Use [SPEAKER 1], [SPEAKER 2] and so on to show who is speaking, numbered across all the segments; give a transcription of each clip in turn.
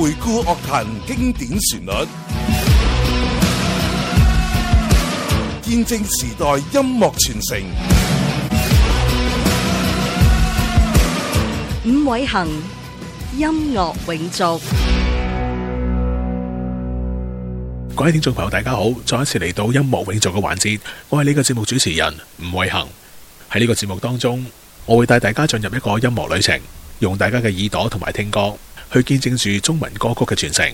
[SPEAKER 1] 回顧樂壇經典旋律，見證時代音樂傳承。
[SPEAKER 2] 伍偉恆，音樂永續。
[SPEAKER 3] 各位聽眾朋友，大家好，再一次嚟到音樂永續嘅環節，我係呢個節目主持人伍偉恆。喺呢個節目當中，我會帶大家進入一個音樂旅程，用大家嘅耳朵同埋聽歌。去見證住中文歌曲嘅傳承。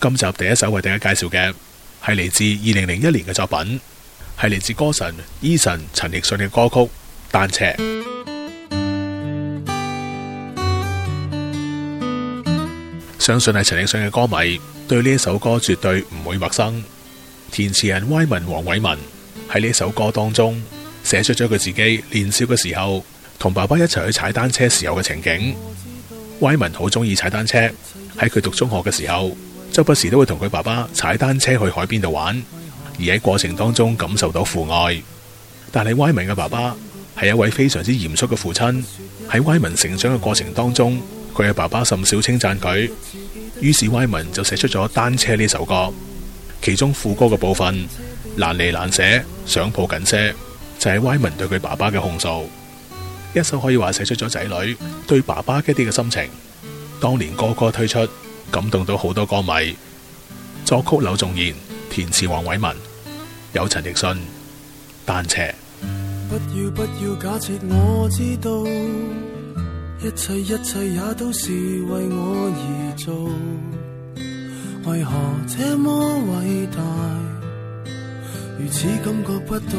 [SPEAKER 3] 今集第一首為大家介紹嘅係嚟自二零零一年嘅作品，係嚟自歌神 Eason 陳奕迅嘅歌曲《單車》。相信係陳奕迅嘅歌迷對呢首歌絕對唔會陌生。填詞人 Y 文黃偉文喺呢首歌當中寫出咗佢自己年少嘅時候同爸爸一齊去踩單車時候嘅情景。Y 文好中意踩單車，喺佢讀中學嘅時候，周不時都會同佢爸爸踩單車去海邊度玩，而喺過程當中感受到父愛。但係 Y 文嘅爸爸係一位非常之嚴肅嘅父親，喺 Y 文成長嘅過程當中，佢嘅爸爸甚少稱讚佢。於是 Y 文就寫出咗《單車》呢首歌，其中副歌嘅部分難離難捨，想抱緊些，就係 Y 文對佢爸爸嘅控訴。一首可以話寫出咗仔女對爸爸嗰啲嘅心情，當年哥哥推出，感動到好多歌迷。作曲柳重言，填詞黃偉文，有陳奕迅、單車 。
[SPEAKER 1] 不要不要假設我知道，一切一切也都是為我而做，為何這麼偉大，如此感覺不到。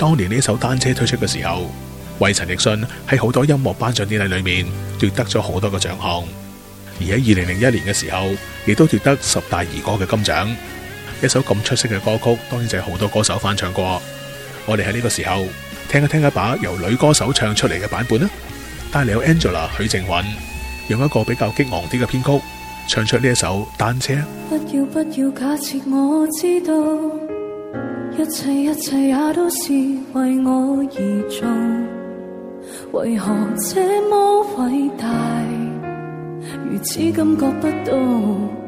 [SPEAKER 3] 當年呢首單車推出嘅時候，為陳奕迅喺好多音樂頒獎典禮裏面奪得咗好多嘅獎項，而喺二零零一年嘅時候，亦都奪得十大兒歌嘅金獎。一首咁出色嘅歌曲，當然就係好多歌手翻唱過。我哋喺呢個時候聽一聽一把由女歌手唱出嚟嘅版本啦。帶嚟由 Angela 許靖韻用一個比較激昂啲嘅編曲，唱出呢一首《單車》。
[SPEAKER 2] 不要不要假設我知道一切一切也都是為我而做，為何這麼偉大，如此感覺不到？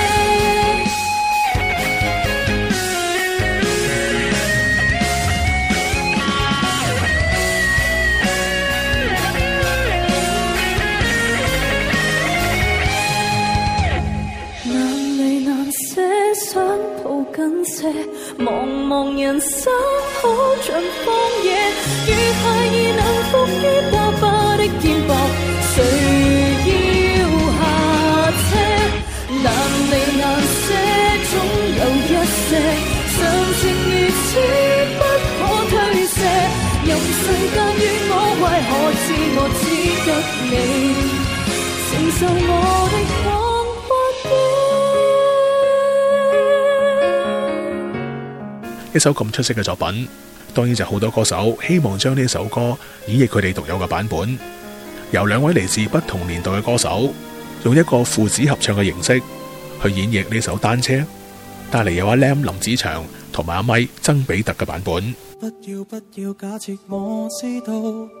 [SPEAKER 3] 一首咁出色嘅作品，當然就好多歌手希望將呢首歌演繹佢哋獨有嘅版本。由兩位嚟自不同年代嘅歌手，用一個父子合唱嘅形式去演繹呢首《單車》，帶嚟有阿 Lam 林子祥同埋阿咪曾比特嘅版本。
[SPEAKER 1] 不要不要假設，我知道。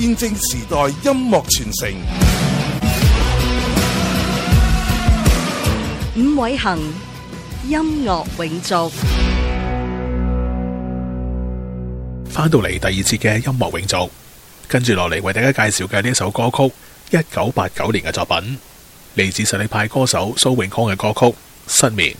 [SPEAKER 1] 見證時代音樂傳承，
[SPEAKER 2] 伍偉恆音樂永續。
[SPEAKER 3] 翻到嚟第二次嘅音樂永續，跟住落嚟為大家介紹嘅呢一首歌曲，一九八九年嘅作品，嚟自實力派歌手蘇永康嘅歌曲《失眠》。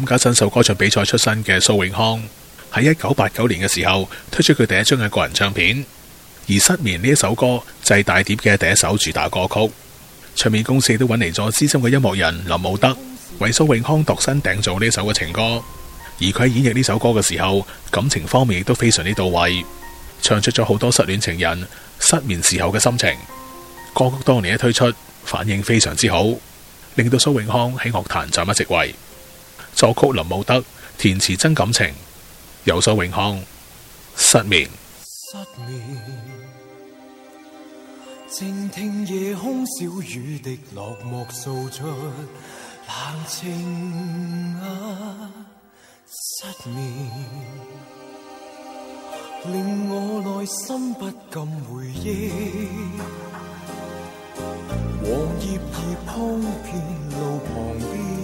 [SPEAKER 3] 參加新秀歌唱比賽出身嘅蘇永康喺一九八九年嘅時候推出佢第一張嘅個人唱片，而《失眠》呢一首歌就係、是、大碟嘅第一首主打歌曲。唱片公司亦都揾嚟咗資深嘅音樂人林慕德為蘇永康度身訂造呢首嘅情歌。而佢演繹呢首歌嘅時候，感情方面亦都非常之到位，唱出咗好多失戀情人失眠時候嘅心情。歌曲當年一推出，反應非常之好，令到蘇永康喺樂壇佔一席位。作曲林慕德，填詞真感情，有所永康。失眠，
[SPEAKER 4] 失眠。靜聽夜空小雨滴落，莫掃出冷清啊！失眠，令我內心不禁回憶，
[SPEAKER 2] 黃葉
[SPEAKER 4] 兒鋪遍路旁邊。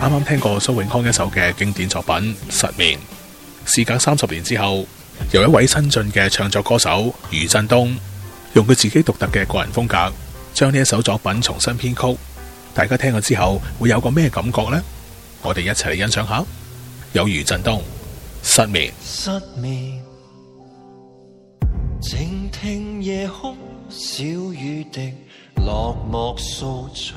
[SPEAKER 3] 啱啱聽過蘇永康一首嘅經典作品《失眠》，事隔三十年之後，由一位新晉嘅唱作歌手余振東，用佢自己獨特嘅個人風格，將呢一首作品重新編曲。大家聽咗之後會有個咩感覺呢？我哋一齊嚟欣賞下。有余振東《失眠》，失眠
[SPEAKER 4] 靜聽夜空小雨滴，落寞訴出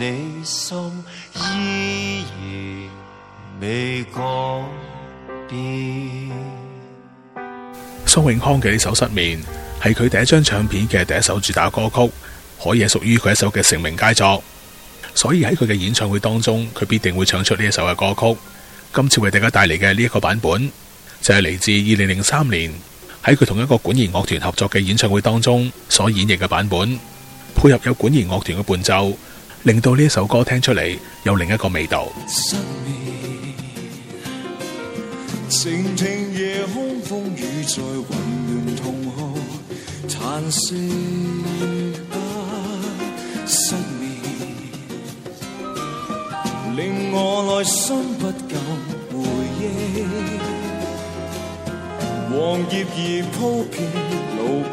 [SPEAKER 5] 你心依然未
[SPEAKER 3] 改變。蘇永康嘅呢首《失眠》係佢第一張唱片嘅第一首主打歌曲，可以屬於佢一首嘅成名佳作，所以喺佢嘅演唱會當中，佢必定會唱出呢一首嘅歌曲。今次為大家帶嚟嘅呢一個版本，就係嚟自二零零三年喺佢同一個管弦樂團合作嘅演唱會當中所演繹嘅版本，配合有管弦樂團嘅伴奏。令到呢首歌聽出嚟有另
[SPEAKER 4] 一個味道。失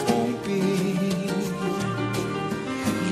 [SPEAKER 4] 眠